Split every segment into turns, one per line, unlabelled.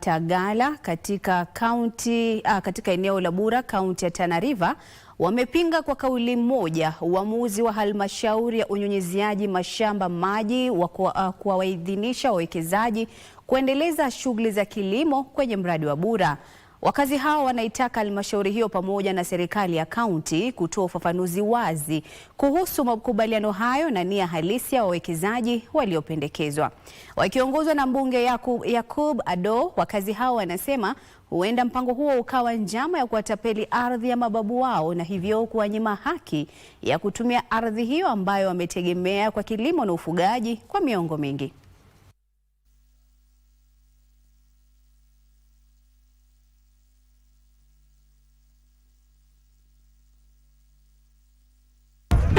Tagala katika kaunti ah, katika eneo la Bura kaunti ya Tana River wamepinga kwa kauli moja uamuzi wa halmashauri ya unyunyiziaji mashamba maji wa ah, kuwaidhinisha wawekezaji kuendeleza shughuli za kilimo kwenye mradi wa Bura. Wakazi hao wanaitaka halmashauri hiyo pamoja na serikali ya kaunti kutoa ufafanuzi wazi kuhusu makubaliano hayo na nia halisi ya wawekezaji waliopendekezwa. Wakiongozwa na mbunge Yakub, Yakub Ado, wakazi hao wanasema huenda mpango huo ukawa njama ya kuwatapeli ardhi ya mababu wao na hivyo kuwanyima haki ya kutumia ardhi hiyo ambayo wametegemea kwa kilimo na ufugaji kwa miongo mingi.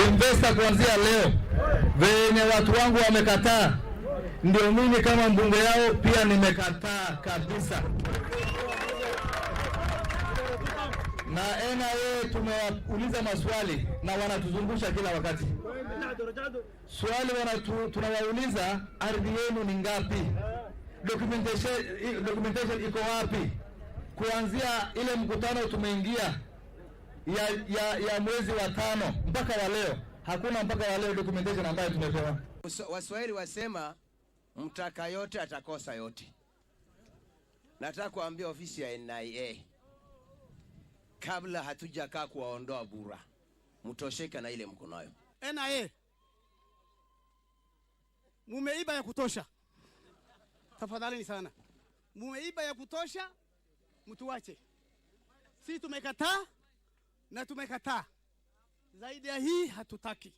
Imvesta kuanzia leo, venye watu wangu wamekataa, ndio mimi kama mbunge yao pia nimekataa kabisa. Na NRA tumewauliza maswali na wanatuzungusha kila wakati. Swali wanatu, tunawauliza ardhi yenu ni ngapi? Documentation, documentation iko wapi? Kuanzia ile mkutano tumeingia ya, ya, ya mwezi wa tano mpaka wa leo hakuna mpaka wa leo documentation ambayo tumepewa.
Waswahili wasema mtaka yote atakosa yote. Nataka kuambia ofisi ya NIA kabla hatujakaa kuwaondoa bura, mtosheka na ile mko nayo.
NIA mumeiba ya kutosha, tafadhalini sana, mumeiba ya kutosha, mtuwache. Sisi tumekataa na tumekataa. Zaidi ya hii hatutaki.